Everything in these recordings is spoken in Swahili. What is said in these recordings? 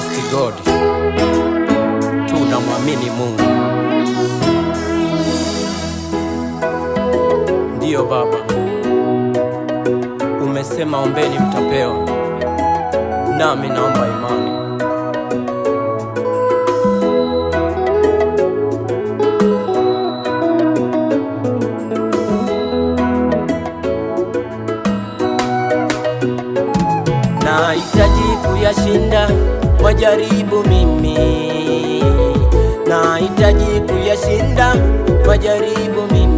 trust God, tunamwamini Mungu. Ndiyo Baba, umesema ombeni mtapewa, nami naomba imani nahitaji kuyashinda majaribu mimi nahitaji kuyashinda majaribu mimi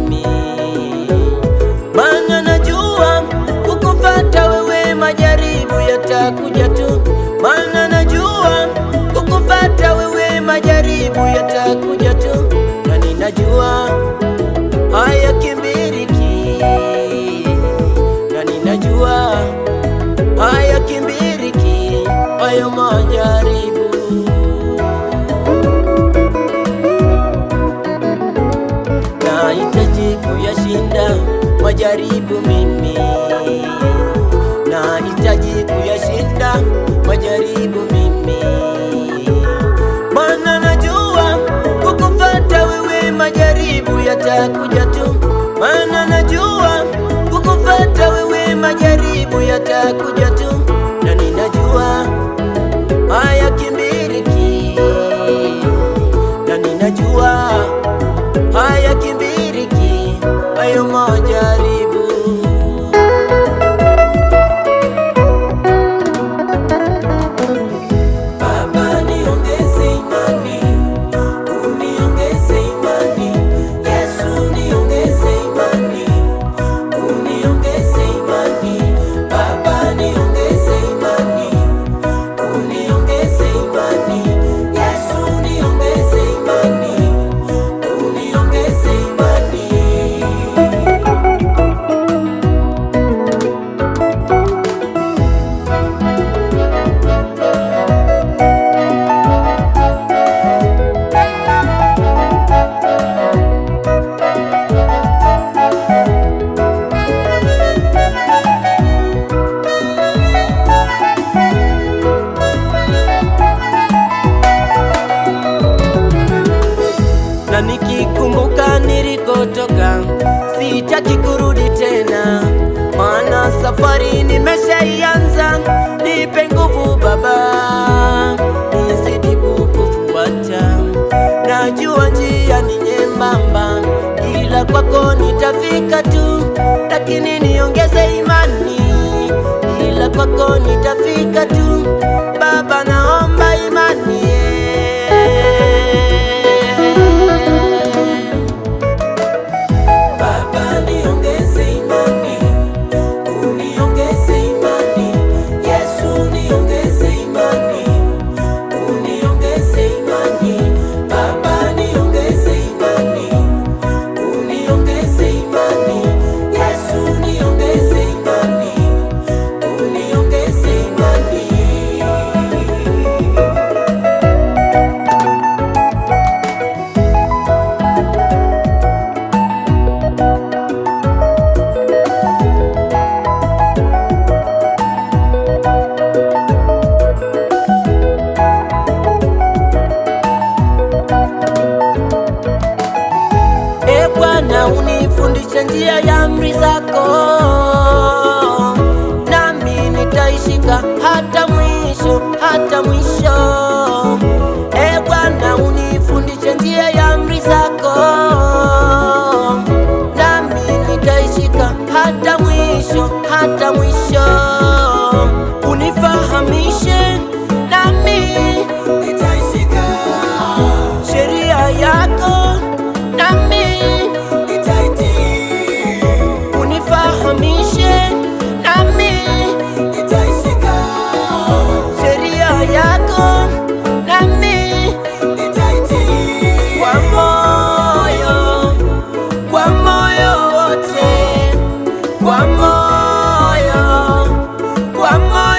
jaribu mimi, mana najua kukupata wewe majaribu yatakuja tu, mana najua kukupata wewe majaribu yatakuja tu, na ninajua kimbiriki, na ninajua kimbiriki hayo nilikotoka sitaki kurudi tena, maana safari nimeshaianza. Nipe nguvu Baba, nisijibu kufuata, najua njia ni nyembamba, ila kwako nitafika tu, lakini niongeze imani, ila kwako nitafika tu go. kwa moyo, kwa moyo